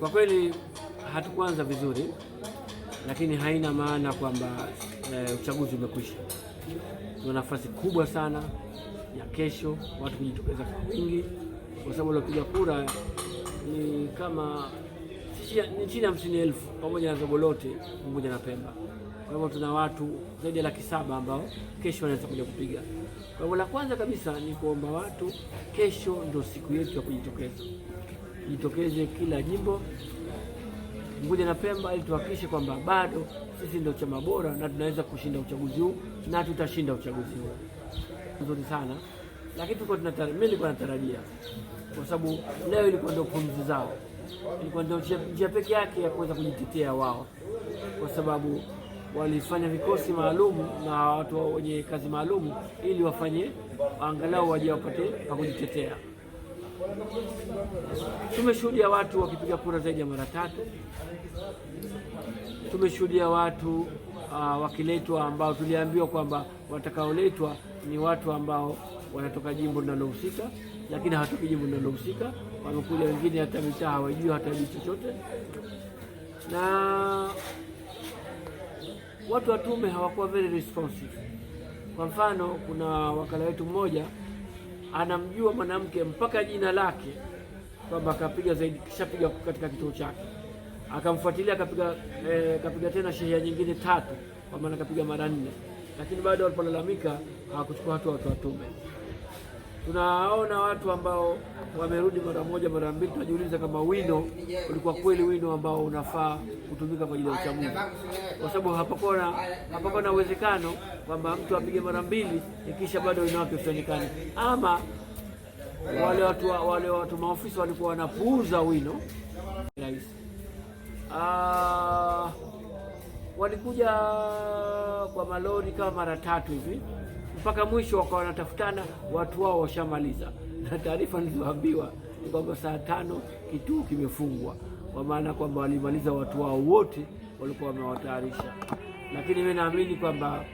Kwa kweli hatukuanza vizuri, lakini haina maana kwamba e, uchaguzi umekwisha. Tuna nafasi kubwa sana ya kesho watu kujitokeza kwa wingi, kwa sababu waliopiga kura ni kama ni chini ya hamsini elfu pamoja na Zogolote pamoja na Pemba. Kwa hivyo tuna watu zaidi ya laki saba ambao kesho wanaweza kuja kupiga. Kwa hivyo la kwanza kabisa ni kuomba watu, kesho ndio siku yetu ya kujitokeza jitokeze kila jimbo Unguja na Pemba ili tuhakikishe kwamba bado sisi ndio chama bora na tunaweza kushinda uchaguzi huu na tutashinda uchaguzi huu nzuri sana, lakini tuko mimi nilikuwa natarajia, kwa sababu leo ilikuwa ndio pumzi zao, ilikuwa ndio njia pekee yake ya kuweza kujitetea wao, kwa sababu walifanya vikosi maalum na watu wenye kazi maalum ili wafanye angalau waje wapate pa kujitetea. Tumeshuhudia watu wakipiga kura zaidi ya mara tatu. Tumeshuhudia watu uh, wakiletwa ambao tuliambiwa kwamba watakaoletwa ni watu ambao wanatoka jimbo linalohusika, lakini hawatoki jimbo linalohusika. Wamekuja wengine hata mitaa hawajui, hatajui chochote, na watu wa tume hawakuwa very responsive. Kwa mfano, kuna wakala wetu mmoja anamjua mwanamke mpaka jina lake, kwamba akapiga zaidi, kishapiga katika kituo chake, akamfuatilia akapiga eh, kapiga tena shehia nyingine tatu, kwa maana akapiga mara nne, lakini bado walipolalamika hawakuchukua hatua watu watume tunaona watu ambao wamerudi mara moja mara mbili, tunajiuliza kama wino ulikuwa kweli wino ambao unafaa kutumika kwa ajili ya uchaguzi, kwa sababu hapakuwa na hapakuwa na uwezekano kwamba mtu apige mara mbili ikisha bado wino wake usionekane, ama wale watu, wale watu maofisa walikuwa wanapuuza wino rais. Ah, walikuja kwa malori kama mara tatu hivi mpaka mwisho wakawa wanatafutana, watu wao washamaliza, na taarifa nilizoambiwa ni kwamba saa tano kituo kimefungwa, kwa maana kwamba walimaliza watu wao wote walikuwa wamewatayarisha. Lakini mimi naamini kwamba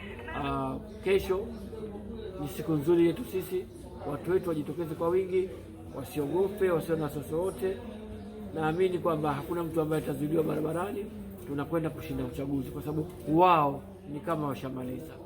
uh, kesho ni siku nzuri yetu sisi, watu wetu wajitokeze kwa wingi, wasiogope, wasio na soso wote. Naamini kwamba hakuna mtu ambaye atazuiliwa barabarani, tunakwenda kushinda uchaguzi kwa sababu wao ni kama washamaliza.